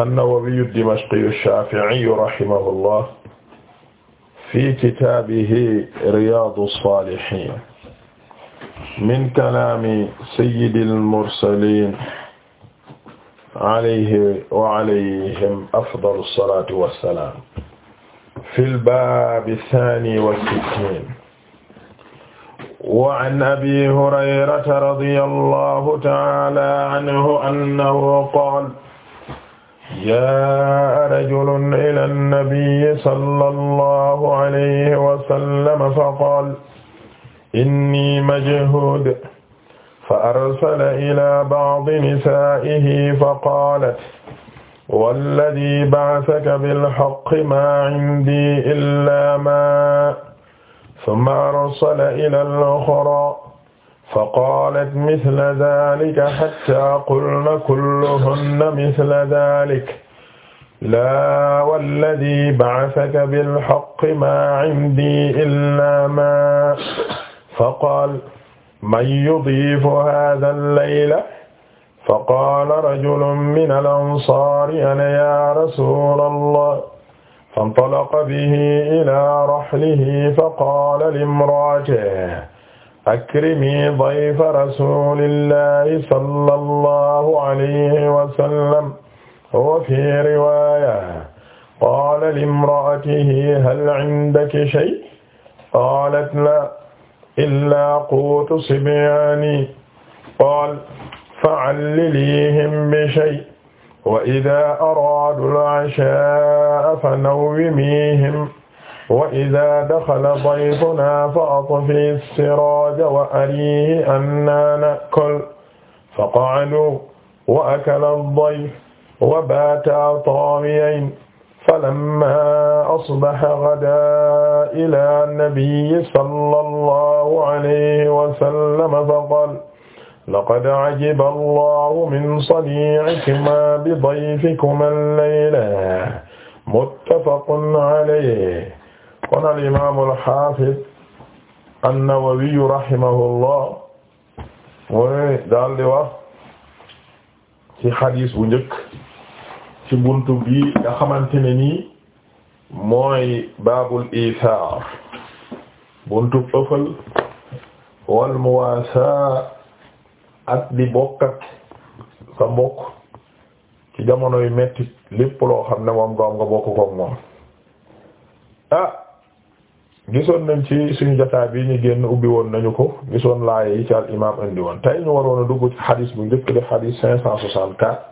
an-Nawawi ad-Dimashqi ash-Shafi'i rahimahullah fi kitaabihi Riyaadu as-Saalihiin min kalaami sayyidil mursaliin alayhi wa alayhim afdalu salaatu wa salaam fil baabi saani wa sittiin wa an abii hurayrata radiyallaahu ta'aalaa anhu annahu qaala jaa'a rajulun ilaa nabiyyi sallallahu alayhi wa sallam faqaala innii majhuud فأرسل إلى بعض نسائه فقالت والذي بعثك بالحق ما عندي إلا ما ثم أرسل إلى الأخرى فقالت مثل ذلك حتى قلنا كلهن مثل ذلك laa walladii ba'asaka bilhaqqi maa cindii illaa maa faqaal man yudiifu haazal layla faqaala rajulun minal ansaari ana yaa rasuulallaah fantalaqa bihi ilaa rahlihi faqaala limra'atihi akrimii dayfa rasuulillaahi sallallaahu alayhi wa sallam wa fii riwaaya qaala limra'atihi hal 'indaki shay' qaalat laa illaa quutu sibyaani qaala fa'alliliihim bishay' wa idaa araaduu al-'ashaa'a fanawwimiihim wa idaa daxala dayfunaa fa-atfii as-siraaja wa ariihi annaa na'kul faqa'aduu wa akala ad-dayf wa baata taawiyan falammaa asbaha gadaa ilaa nabiyyi sallallahu alayhi wa sallam faqaala laqad cajiba allahu min saniicikumaa bidayfikumaa al-layla muttafaqun alayhi kon al-imaamu al-xaafid an-nawawiyu rahimahullah mooy daal di wax ci xadiis bu njëkk ci buntu bi nga xamante ne nii mooy baabul iisaar buntu ëffal wal muwaasa ak di bokk ak sa mbokk ci jamonoy metti lépp loo xam ne moom nga am nga bokk moom ah gisoon nañ ci suñu jotaay bi ñu génn ubbi woon nañu ko gisoon laay yi ci al imaam indi woon tey ñu waroon a dugg ci xadis bu njëkk di xadis cinq cent soixante-quatre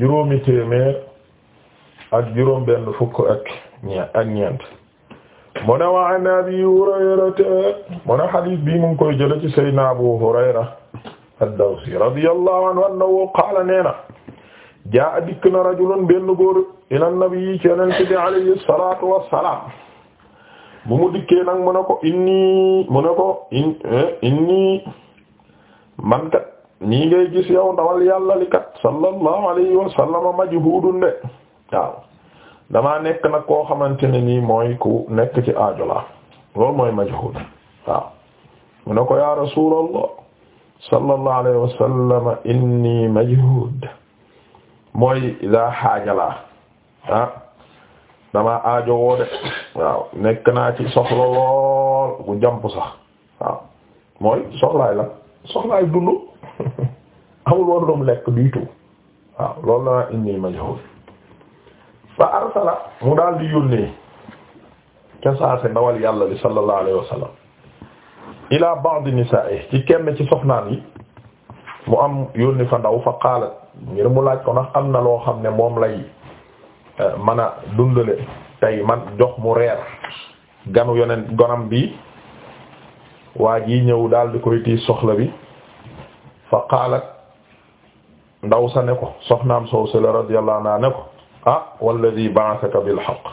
juróomi téeméer ak juróom benn fukk ak ñeent ak ñeent mu ne wa an abi hurayrata mu ne bi mu koy jële ci sayyidina abu hurayra ad-dawsi radiyallahu anhu annahu qaala neena jaa dikk na rajulun benn góor ila nabi ci yonent bi alayhi salatu wassalaam bu mu dikkee nag mu ko inni mu ko eh, inni man kat nii ngay gis yow ndawal yàlla li kat sallallahu alayhi wa sallam majhudun de waaw damaa nekk koo xamante ne nii mooy ku nekk ci aajo la loolu mooy majhud waaw mu ne ko yaa rasulallah sallallahu alayhi wa sallam inni majhud mooy daa xaaja la ah damaa aajo woo de waaw nekk naa ci soxla lool bu jàmp sax mooy soxlaay la soxlaay dundu amul woon lu lekk du tout waaw loolu la naa indi majhul fa arsala mu daal di yónnee ca ndawal yàlla li sallallahu alayhi wa sallam ila ba'd nisa'i ci kenn ci soxnaan yi mu am yónni fa ndaw fa qaalat ngir mu laaj ko ndax am na loo xam ne moom lay eh, mën a dundale tey man jox mu reer ganu yonent gonam bi waa ji ñëw daal di koy tiis soxla bi fa qaalat ndaw sa ne ko soxnaam soow sela radiyallahu anha ne ko ah walladhi ba'athaka bil haqq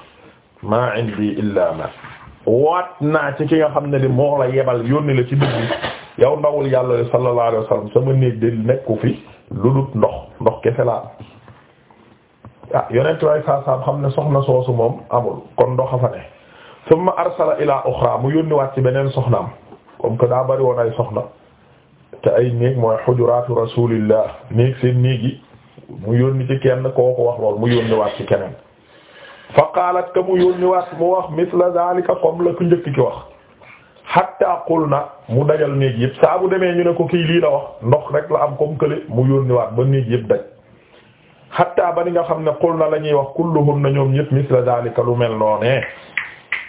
ma indi illa ma waat naa ci ki nga xam ne di moo la yebal yónni la ci dugg yow ndawul yàlla li sallallahu alayhi wasallam sama néeg di nekku fi lu dut ndox ndox kese laa ah yonent waay saasaam xam ne soxna soosu moom amul kon ndox a fa ne summa arsala ila uxra mu yónni waat ci beneen soxnaam comme que daa bari woon ay soxna te ay néeg mooy xujuraatu rasulillah néeg seen néeg yi mu yónni ci kenn kooku wax lool mu yónni waat ci keneen fa qaalat ka mu yónni waat mu wax misla zalika comme la ku njëkk ki wax hatta qulna mu dajal néeg yëpp saa bu demee ñu ne ko kii lii la wax ndox rek la am comme kële mu yónni waat ba néeg yëpp daj hatta ba ni nga xam ne qulna la ñuy wax kulluhunna ñoom yëpp misla zalika lu mel noonee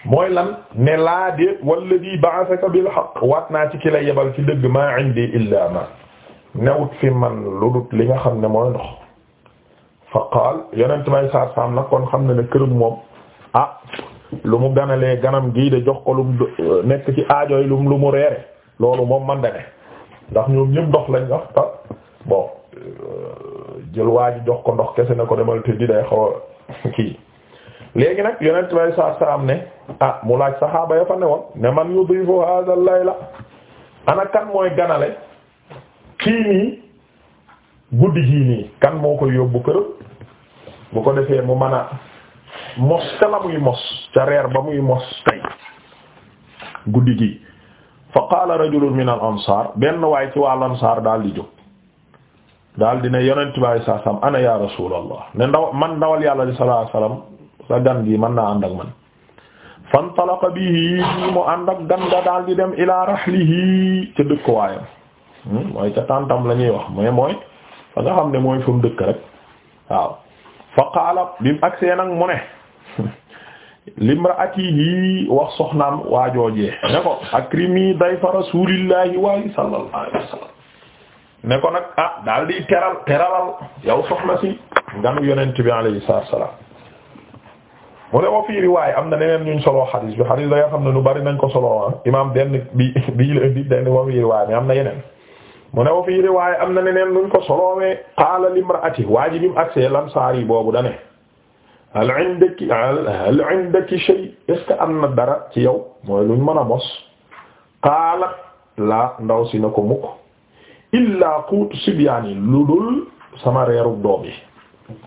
mooy lan ne laa déet walladi ba'athaka bil haqq waat naa ci kila la yebal ci dëgg maa indi illaa ma newut fi man lu dut li nga xam ne mooy ndox fa qaal yonent may saar saam nag kon xam ne ne këram moom ah lu mu ganalee ganam gii de jox ko lu mu nekk ci aajo lu mu lu reere loolu moom man de ne ndax ñoom ñëpp ndox lañ wax ta ah, bon euh, jël waa jox ko ndox kese ne ko demal te day xaw kii léegi nag yonent bi alayhi salaatu ne ah mu laaj saxaaba ya fa newoon ne man yudifu hadha al-layla ana kan mooy ganale kii nii guddi gii nii kan moo koy yóbbu këram bu ko defee mu mën a mos te la muy mos ca reer ba muy mos tey guddi gi fa qaala rajulun min al ansar benn waay ci waa ansaar daal di jóg daal di ne yonent bi alayhi salaatu salaam ana ya rasulallah ne ndaw man ndawal yàlla sallallahu alayhi wasallam gan gi mën naa ànd ak man bi bihi mu ànd ak gan nga daal di dem ila rahlihi ca dëkkuwaayam hmm, mooy ca tàntam la wax mais mooy fa nga xam ne mooy fa mu dëkk rek waaw fa qaala bi mu agsee mu ne limraatihi wax soxnaam waajoojee ne ko akrimi dayfa rasulillahi waayi sallallahu alayhi wa ne ko nag ah daal di teral teralal soxna si nganu yonent bi alayhi salaam mu ne wa fii am na leneen ñu solo xadis bi xadis da nga xam ne lu bari nañ ko solo ah imaam benn bi bii la indi benn wa fii riwaay am na yeneen mu ne wa fii am na leneen luñ ko solowee qaala limraati waa ji bi mu agsee lamsaar yi boobu da ne hal indaki hal indaki shay est am na dara ci yow mooy luñ mën a mos qaalat laa ndaw si na ko mukk illaa quutu sibyaani lu dul sama reeru doom yi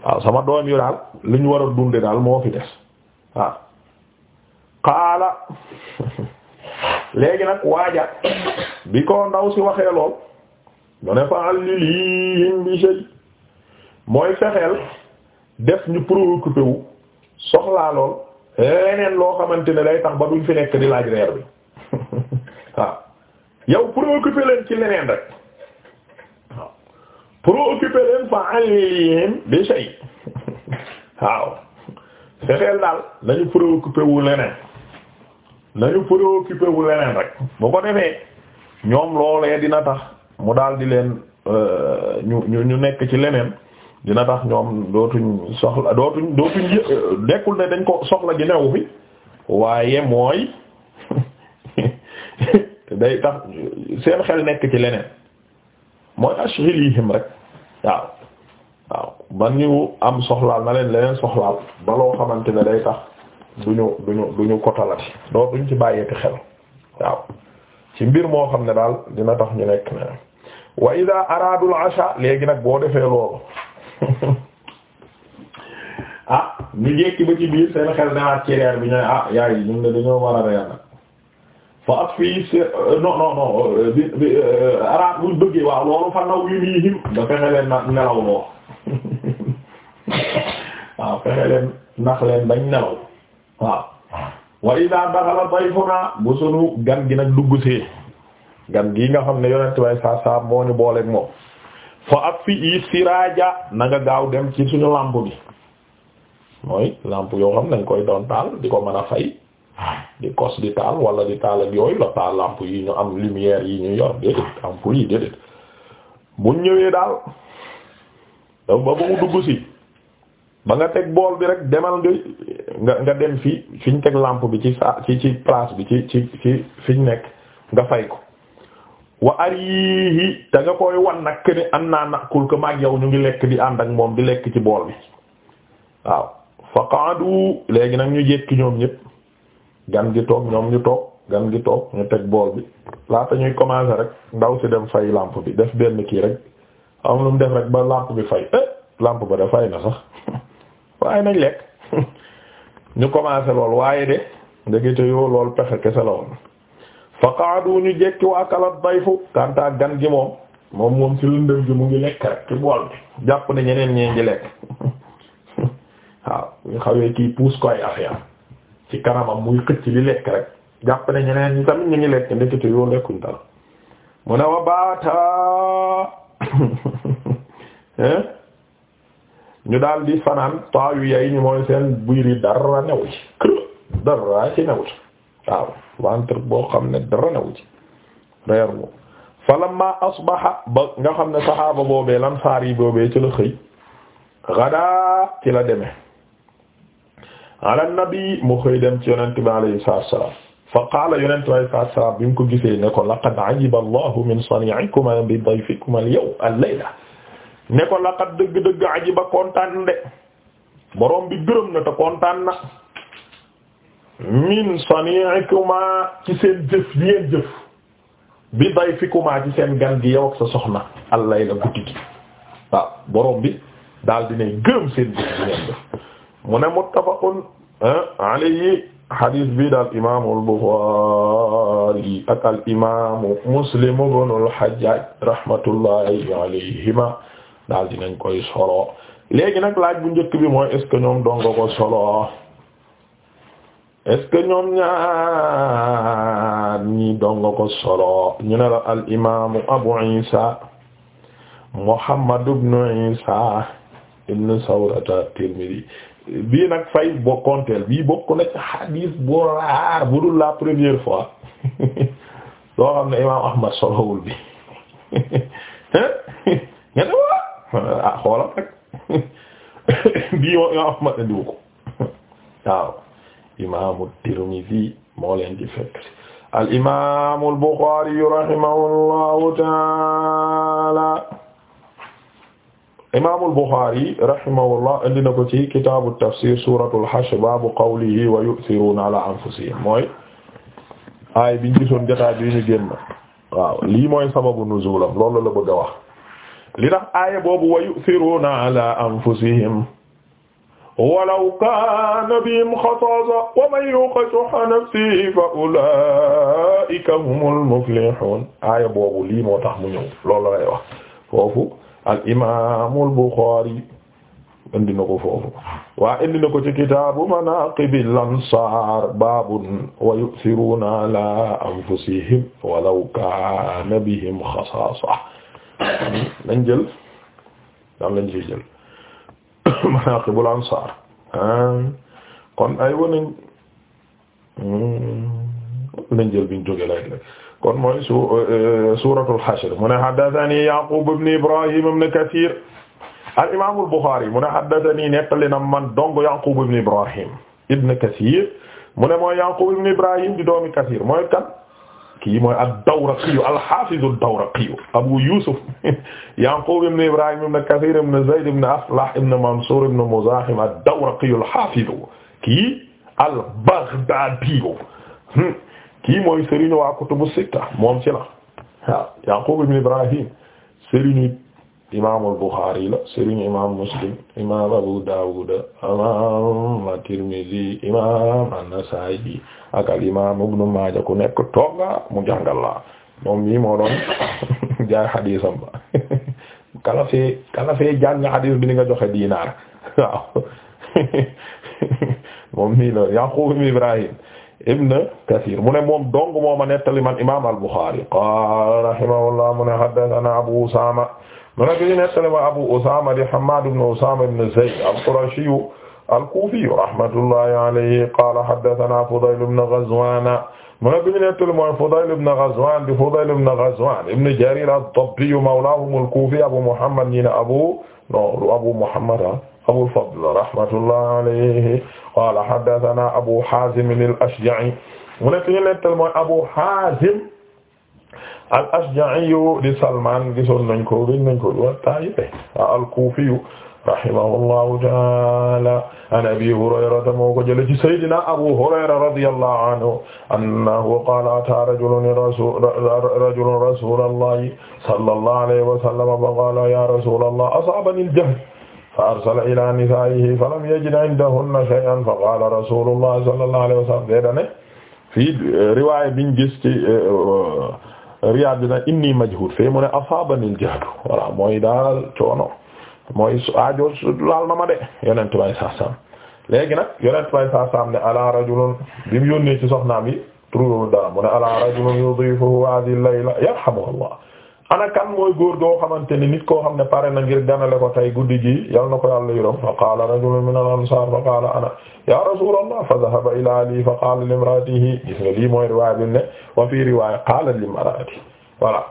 waaw sama doom yi daal lu ñu war a dunde daal moo fi des waaw qaala léegi nag waaja bi ko ndaw si waxee lool mu ne fa allilihim bi shay mooy fexeel def ñu préoccupé wu soxlaa lool leneen loo xamante ne day tax ba duñ fi nekk di laaj reer bi waaw yow préoccupé leen ci leneen rek waaw préoccupé leen fa allilihim bi shay waaw fexeel daal nañu préoccupé wu leneen nañu préoccupé wu leneen rek bu ko defee ñoom loolee dina tax mu daal di leen euh, ñu ñu nekk ci leneen dina tax ñoom dootuñ soxla dootuñ dootuñ euh, nekkul ne dañ ko soxla ji newu fi waaye mooy day tax seen xel nekk ci leneen mooy ashghilihim rek waaw ba ñu am soxlaal na leen leneen soxlaal ba loo xamante ne day tax duñu duñu duñu kotalati doo ci bàyyeeti xel waaw ci mbir moo xam ne daal dina tax ñu nekk ne wa ida araadul asha léegi nag boo defee loolu ah ñu jekki ba ci biir seen xel newaat ah, loolu fexe leen nax leen bañ nelaw waaw wa idaa daxala dayfunaa bu sunu gan gi nag dugg see gan gi nga xam ne yonent bay saa saa moo ñu booleeg moom fa ab fi i siraaja na nga gaaw dem ci suñu làmp bi mooy làmp yoo xam nañ koy doon taal di ko mën a fay di kos di taal wala di taal ak yooyu la taal làmp yi ñu am lumière yi ñu yor déedéet ampoule yi déedéet buñ ñëwee daal ba ba mu dugg ba nga teg bool bi rek demal nga nga dem fi fiñ teg lampe bi ci saa ci ci place bi ci ci ci fiñ nekk nga fay ko wa arihi te nga koy wan nag ne am naa nakul ko maag yow ñu ngi lekk di ànd ak moom di lekk ci bool bi waaw faqaadu léegi nag ñu jekki ñoom ñëpp gan gi toog ñoom ñu toog gan gi toog ñu teg bool bi laata ñuy commencer rek ndaw si dem fay lampe bi def benn kii rek am lu mu def rek ba lampe bi fay eh ba da fay na sax waaye nañ lekk ñu commencé lool waaye de ndekete yoo lool pexe kese la woon fa qaadu ñu jekki wa akala dayfu kanta gan gi moom moom moom ci lëndëm gi mu ngi lekk rek ci bool bi jàpp ne ñeneen ñee ngi lekk waaw ñu xawee kii puus ko ay ci kanamam muy xëcc li lekk rek jàpp ne ñeneen ñi tamit ñu ngi lekk ndekete yoo lekkuñ dara mu ne wa baata ñu daal di fanaan taa yu yay ñu mooy seen biir yi dara newu ci dara ci newu ci waaw ventre boo xam ne dara newu reer bu falamma asbaha ba nga xam ne saxaaba boobee lan saar yi boobee ci la xëy gadaa ci la demee ala nabi mu xëy dem ci yonent bi alayhi salaam fa qaala yonent bi alayhi salaam bi mu ko ne ko laqad ajiba allahu min sani'ikuma bi dayfikuma al-yawm al ne ko laqad dëgg-dëgg ajiba kontaan de borom bi gërëm na te kontaan na min sani'ikuma ci seen jëf li ngeen jëf bi dayfikuma ci seen gan gi yow sa soxna allay la guddi borom bi daal dinay gërëm seen jëf li ngeen jëf mu ne muttafaqun ah, alayhi hadith bi daal imaamu al-Bukhari ak al imaamu Muslim ibn hajjaj rahmatullahi alayhima daal dinañ koy solo léegi nag laaj bu njëkk bi mooy est-ce que ñoom dongo ko solo est-ce ñoom ñaar ñi dongo ko solo ñu ne la al imaamu abu isa muhammad ibnu isa ibnu sawrata tirmidhi bii nag fay bokkonteel bii bokk na ci bu raar bu dul la première fois loo xam ne imaam ahmad solowul bi ah xoolal rek bii moom imaam Ahmad andiwu ko waaw imaamu Tirmidhi moo leen di fekk al imaamul Bukhari rahimahullahu taala imaamul Bukhari rahimahullah indi na ko ci kitaabu tafsir suuratul Hashr baabu qawlihi wa yu'thiruuna ala anfusihim mooy aay biñ gisoon jotaay bi ñu génn waaw lii mooy sababu nuzulam loolu la bëgg a wax. li tax aaya boobu wa yu'thiruna ala anfusihim walaw kana bihim xasaasa wa man yuqa shuhha nafsihi fa ulaika humul muflihun aaya boobu lii moo tax mu ñëw loolu lay wax foofu al imaamul Buxaari indi na ko foofu waa indi na ko ci kitaabu manaaqibil ansaar baabun wa yu'thiruuna alaa anfusihim walaw kaana bihim xasaasa nañ jël daan lañ ciy jël manaqibul ansaar kon ay wanañ hmm, nañ jël biñ jóge laaj rek kon mooy su euh, euh, suuratul xashr mu ne haddathanii Yaqub ibn Ibrahim ibn Kathir al imaamul Buxaari mu ne haddathanii nettali na man dong Yaqub ibn Ibrahim ibn Kathir mu ne mooy Yaqub ibn Ibrahim di doomi Kathir mooy kan kii mooy ad-Dawraqiyu al-Hafiz ad-Dawraqiyu Abu Yusuf Yaqub ibn Ibrahim ibn Kathir ibn Zayd ibn Aflah ibn Mansur ibn Muzahim ad-Dawraqiyu al-Hafiz kii al-Baghdadiyu hmm. kii mooy Serigne waa kutubu sitta moom ci la waaw Yaqub ibn Ibrahim Serigne imaamul Buxaari la sëriñ imaam Muslim imaam Abu Daawud imaam Tirmizi imaam An-Nasaa'i ak al imaam Ibnu Maaja ku nekk tooga mu jàngal la moom mii moo jaay xadiisam ba kala fee kala fee jàng joxe diinaar waaw mii la Yaqub ibn Ibrahim ibn Kathir mu moom dong moo ma nettali man imaam al Buxaari qaala rahimahullah mu ne Abu Usaama mu ne bii nettali ma Abu Usaama di Hammaad ibn Usaama ibn Zayd al-Qurashiyu al-Kuufiyu rahmatullahi alayhi qaala haddathanaa Fudayl ibn Ghazwaan mu ne bii nettali mooy Fudayl ibn Ghazwaan di Fudayl ibn Ghazwaan ibn Jariir ad-Dabbiyu mawlaahum al-Kuufi Abu Muhammad ñi ne Abu non du Abu Muhammad Abul Fadl rahmatullahi alayhi qaala haddathanaa Abu Haazim al-Ashja'i mu ne bii nettali mooy Abu Haazim al Ashja'i di Salman gisoon nañ ko gëj nañ ko wa tayibe al-Kufi rahimahullahu ta'ala an Abi Hurayrata moo ko jële ci Seydina Abu Hurayra radiyallahu anhu annahu qaala ataa rajulun rajulun rasulallahi sallallahu alayhi wa sallam fa qaala ya rasulallah asaabani al-jahd fa arsala ila nisaa'ihi falam yajid indahunna shay'an fa qaala rasulullah sallallahu alayhi wa sallam dee dane fii riwaaya biñ gis ci Riyaad dina inni majhud fee mu ne asaabanil jahdu voilà mooy daal coono mooy aajo laal na ma de yonent bay saam léegi nag yonent bay saa saam ne ala rajulun bi mu yónnee ci soxnaam yi trouvé dara mu ne ala rajulun yudifuhu hadhihi layla yarhamuhu Allah ana kan mooy góor goo xamante ni nit koo xam ne pare na ngir ganale ko tay guddi gi yal na ko yàlla yërëm fa qaala rajulun min al ansar fa qaala ana ya rasulallah fa dhahaba ila ali fa qaala limraatihi gis nga lii mooy riwaaya bi wa fii riwaaya qaala limraati voilà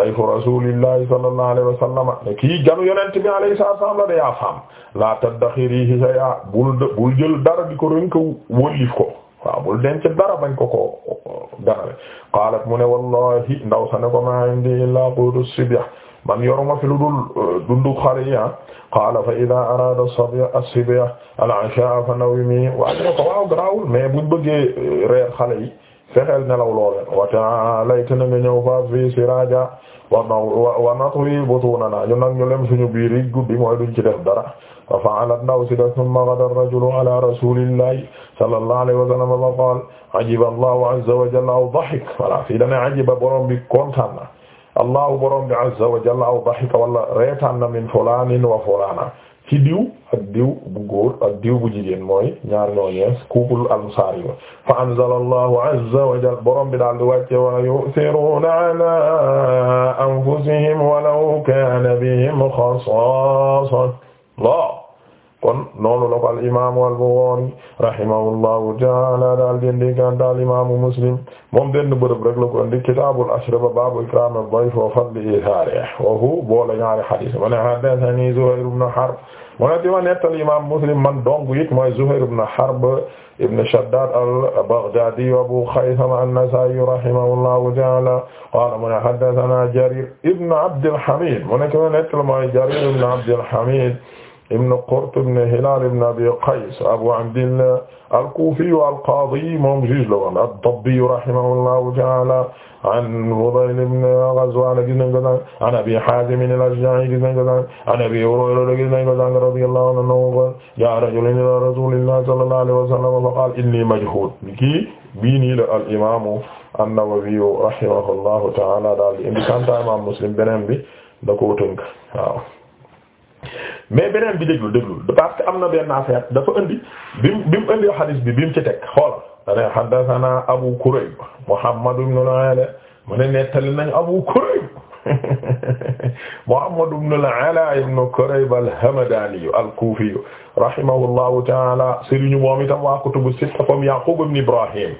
dayfu rasulillahi sallallahu alayhi wa sallam ne kii ganu yonent bi alayhi salaam la de yaa faam la taddaxirihi shay'a bul bul jël dara di ko rënk wëlif ko waaw bul denc dara bañ ko ko ganale qaalat mu ne wallahi ndaw sa ne ko ma indi illaa quutu sibya man yoruma fi lu dul euh, dundu xale yi ah. qaala fa idaa araada as-sabya as-sibya al-ishaa fa nawimi waaye ne ko waaw garaawul mais buñ bëggee euh, reer xale yi fexeel nelaw loolen wa ta'alayta na nga ñëw fa fi siraja wa wa natwi butunana ñu nag ñu lem suñu biir yi guddi mooy duñ ci def dara fa fa'alat ndaw si def thumma ghada ar-rajulu ala rasulillahi sallallahu alayhi wa sallam fa qaal ajiba allahu azza wa jalla aw dahik voilà fii dane ajiba borom bi kontaan na allahu borom bi azza wa jalla aw dahika wala reetaan na min fulanin wa fulana ci diw ak diw bu góor ak diw bu jigéen mooy ñaar ñooñee couple ansaar yi fa anzala allahu azza wa jalla borom bi daal di wàcce wa yu'thiruna ala anfusihim walaw kana bihim xasaasa la kon noonu la ko al imaamu al Buxaari rahimahullahu taala daal di indi gànta al imaamu Muslim moom benn bërëb rek la ko indi kitaabul ashriba baabu ikraam ad-dayf wa fadli iithaarihi wa hu boole ñaari hadiis ma ne haddathanii Zuhayr ibn Harb mu ne di ma nettal imam Muslim man dong it mooy Zuhayr ibn Harb ibn Shaddad al-Baghdadi wa Abu Khaythama an-Nasa'i rahimahullahu ta'ala qala mu ne haddathana Jarir ibn Abd al-Hamid mu ne di ma nettal mooy Jarir ibn Abd al-Hamid ibn Qurt ibn Hilal ibn Abi Qays Abu Abdillah al-Kufi al-Qadi moom juge la woon ad-Dabbi rahimahullahu ta'ala an Fudayl ibn Ghazwan gis nañ ko sànq an Abi Hazim al-Ashja'i gis nañ ko sànq an Abi Hurayra gis nañ ko sànq radiyallahu anhu jaa rajulun ila rasulillahi sallallahu alayhi wa sallam fa qala inni majhul kii bii nii la al imaamu an-Nawawi rahimahullahu ta'ala daal di indi santaay imaam Muslim beneen bi da koo tënk waaw. mais beneen bi déglu déglu parce que am na benn affaire dafa indi bi mu bi mu indi xadiis bi bi mu ci teg xoolal. ane haddathana Abu Kurayb Muhammad ibn al-Ala mu ne nettali nañ Abu Kurayb Muhammad ibn al-Ala ibn Kurayb al-Hamadani al-Kufi rahimahullahu ta'ala sëriñ moom itam waa kutubu sitta Yaqub ibn Ibrahim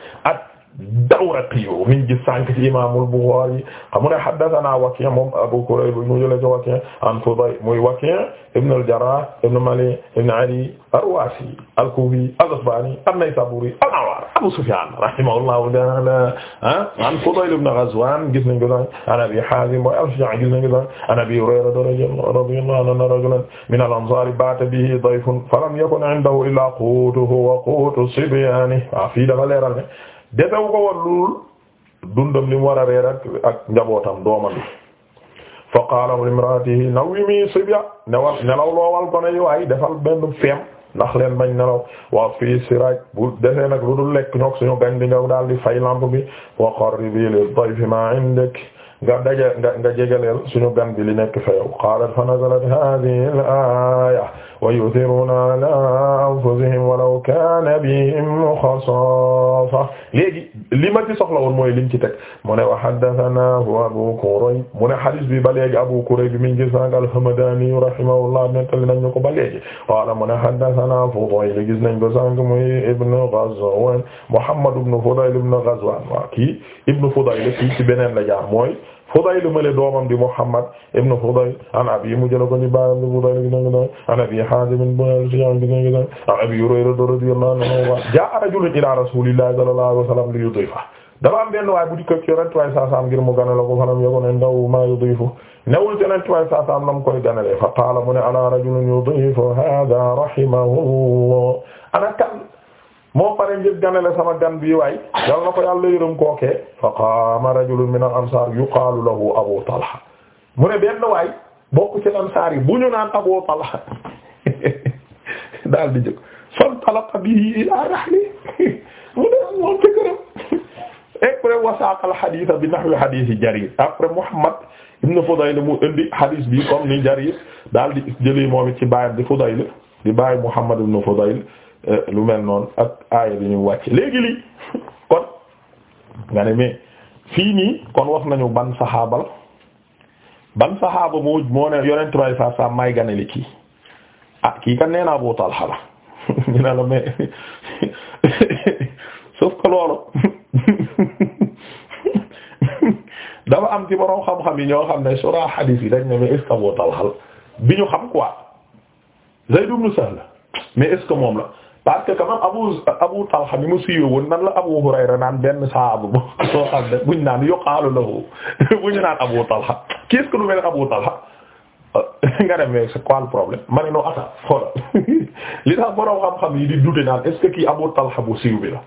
Dawraqiyu min gis sànq ci imaamul Buxaari xam ne haddasanaa Wakii' moom Abu Kurayb mu jëlee ci Wakii' an Fudayl muy Wakii' ibn al-Jarraah ibn Mali ibn Ali ar-Ruwaasi al-Kuufi al-Asbahaani an-Naysaabuuri al-Anwaar Abu Sufyaan rahimahullahu ta'aala ah, an Fudayl ibn Ghazwaan gis nañ ko daal an Abi Haazim mooy al-Shujaa' gis nañ ko daal an Abi Hurayra radiyallahu anhu anna rajulan min al-Ansaar baata bihi dayfun falam yakun 'indahu illaa quutuhu wa quutu sibyaanihi desewu ko woon lool dundam li mu war a reer ak ak njabootam doomam bi li qaala limraatihi nawwimi sibya newal nelaw loowal ko ne waaye defal benn feem ndax leen bañ nelaw waa fii siraaj bu defee nag lu dul lekk ñoog suñu gañ di nga daal di fay lamp bi wa li dayfi ma indak nga daje nga nga jégaleel suñu gan bi li nekk fa yow qaalat fa nazalat hadhihi al-aaya wa yuthiruuna ala anfusihim walaw kaana bihim xasaasa léegi lii ma ci la woon mooy liñ ci teg mu ne wa haddathana huwa Abu Kurayb mu ne hadis bi ba léegi Abu Kurayb mi ngi gis nag al-Hamdani rahimahullah nettali nañ ñu ko ba léegi qaala mu ne haddathana Fudayl gis nañ ko sànq muy Ibn Ghazwan Muhammad ibn Fudayl ibn Ghazwan waaw kii Ibn Fudayl kii ci beneen la jaar mooy Fudayl male doomam di Muhammad ibn Fudayl an abi mu jëla ko ci baayam di Fudayl gi nanga da an abi Haazim gi nanga da an abi Hurayra radiyallahu anhu jaa'a rajulun ila rasulillahi sallallahu alayhi wa sallam li yudifa dafa am benn waay bu di ko ci Yonent bi saasaam ngir mu ganale ko fanam yokku ne ndaw maa yudifu newul ci Yonent bi saasaam nam koy ganale fa qaala mu ne ana rajulun yudifu haaza rahimahu ana kan moo pare ngir ganale sama gan bi waay yal na ko yàlla yërëm kookee fa qaama rajulun min al ansar yuqaalu lahu abu talha mu ne benn waay bokk ci ansaar yi bu ñu naan abu talha daal di jóg fan talaqa bihi ila rahli mu ne moom ci këram après al hadith bi nahwi hadith jarir après muhammad ibn fudayl mu indi hadith bi comme ni jarir daal di jëlee moom it ci baayam di fudayl di bàyyi muhammad ibn fudayl lu mel noonu ak aaya bi ñu wàcc léegi lii kon nga ne mais fii nii kon wax nañu ban saxaabal ban saxaaba moo moo ne yonent bay saa saa may ganale kii ah kii kan nee naa Abu Talha la ñu ne la mais sauf que am ci borom xam yi ñoo xam ne sura hadith yi dañ ne mais est-ce que bi ñu xam quoi Zayd ibn mais est moom la parce que quand même abu abu talha bi mu siiwee woon nan la abu hurayra naan benn saabu bu soo xam ne buñ naan yuqaalu lahu buñu naan abu talha qu'est-ce que lu mel abu talha nga dem mais c'est quoi le problème ma ne non attends xoolal li tax borom xam-xam yi di dute naan est-ce que kii abu talha bu siiw bi la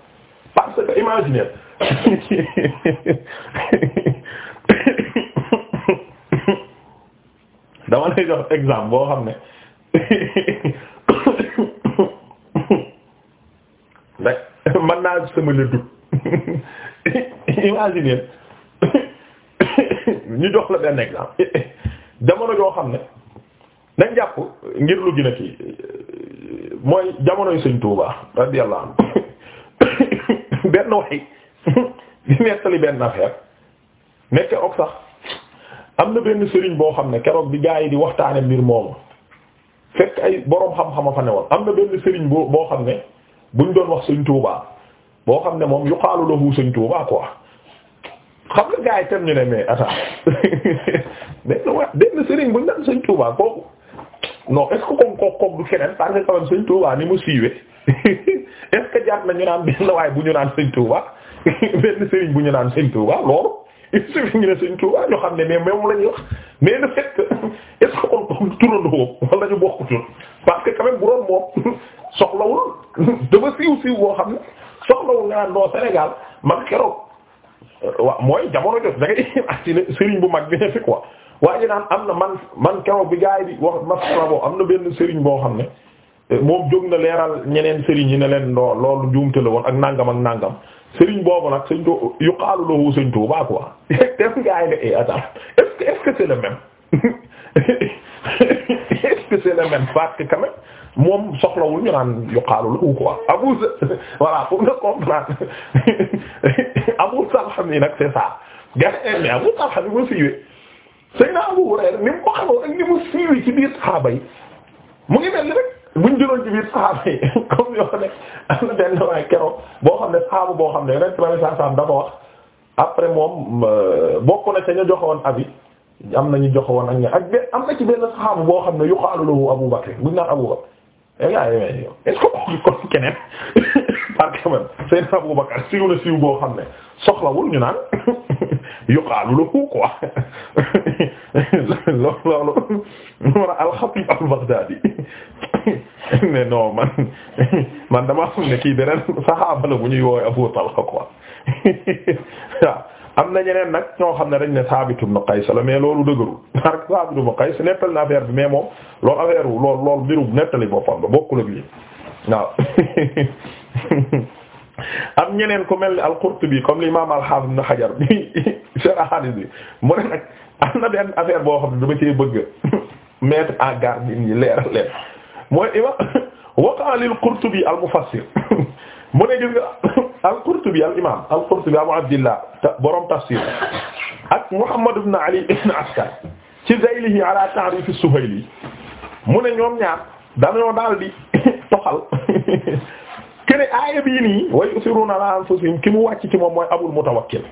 parce que imaginez dama lay jox exemple boo xam ne rek man naa sama le dut ñu jox la benn exemple jamono joo xam ne dañ jàpp ngir lu gën a kii mooy jamonoy Sëriñ Tuubaa radiyallahu anhu benn waxi di nettali benn affaire nekk ok sax am na benn sëriñ boo xam ne keroog bi gaa yi di waxtaane mbir moomu fekk ay boroom xam-xama fa ne woon am na benn sëriñ boo xam ne buñ doon wax sëñ Tuubaa boo xam ne moom yuqaalu lahu sëñ Tuubaa quoi xam nga gars yi tam ñu ne mais attends benn waa benn sëriñ buñ naan sëñ Tuubaa kooku non est-ce kooku du keneen parce que quand même sëñ ni mu siiwee est-ce que na ñu naan benn waaye bu ñu naan sëñ Tuubaa benn sëriñ bu ñu naan sëñ Tuubaa loolu il suffit ñu ne sëñ Tuubaa ñu xam ne mais moom la ñuy wax mais le fait que est-ce que kon kooku turandoo wala ñu bokk tur parce que quand même bu doon moom. soxlawul dafa siiw siiw boo xam ne soxlawul nga naan doo Sénégal man keroog euh, waaw mooy jamono jot da ngay ati ne sëriñ bu mag bi ne fi quoi waaye ji am na man man keroog bi gaay bi wax masala boo am na benn sëriñ boo xam ne euh, moom jóg na leeral ñeneen sëriñ yi ne leen doo loolu juumte la woon ak nangam ak nangam sëriñ boobu nag sëñ to yuqaalu lahu sëñ Tuubaa quoi def gaay ne eh attends est-ce que est-ce que c'est le même est-ce que c'est le même moom soxlawul ñu naan yuqaalu lahu quoi voilà pour nga comprendre yi nag c'est ça gane eh, ko xamoon ak ni mu siiwee ci biir saxaaba yi mu ni rek buñ jëloon boo xam ne saxaaba boo xam ne yeneen premier saxaaba dafa wax après moom euh, bokk na ca ñu joxoon abi am na ñu joxoon ak ña ak am na ci benn saxaaba boo xam ne yuqaalu lahu Abu Bakr buñ naan Abu Bakr gaa eh, yi may yow est-ce que keneen parce que seen Abu Bakar siiw na siiw boo xam ne soxlawul ñu naan yuqaalu lahu quoi loolu loolu war a al-Khatib al-Baghdadi ne non man man dama xam ne kii beneen saxaaba la bu ñuy woowee Abu Talha quoi waaw am na ñeneen nag ñoo xam ne dañ ne Saabit na Qays la mais loolu dëgërul parce que Saabit ibn Qays nettali na affaire bi mais moom loolu affaire wu loolu loolu mbirum nettali boppam ba bokkul ak lii waaw am ñeneen ku mel ni al-Qurtubi comme li al-Hafiz ibn Hajar bi sera hadith bi mu ne nag am na benn affaire boo xam ne dama cee bëgg mettre en garde nit ñi leeral mooy ima waqa lil-Qurtubi al-mufassir mu ne gis nga al-Qurtubi al-imam al-Qurtubi Abu Abdillah borom tafsir ak Muhammad ibn Ali ibn Askar ci zaylihi ala ta'rif as-Suhayli mu ne ñoom ñaar dañoo daal di toxal kene aaya bii nii way usiruna ala anfusihim ki mu wàcc ci moom mooy Abul Mutawakkil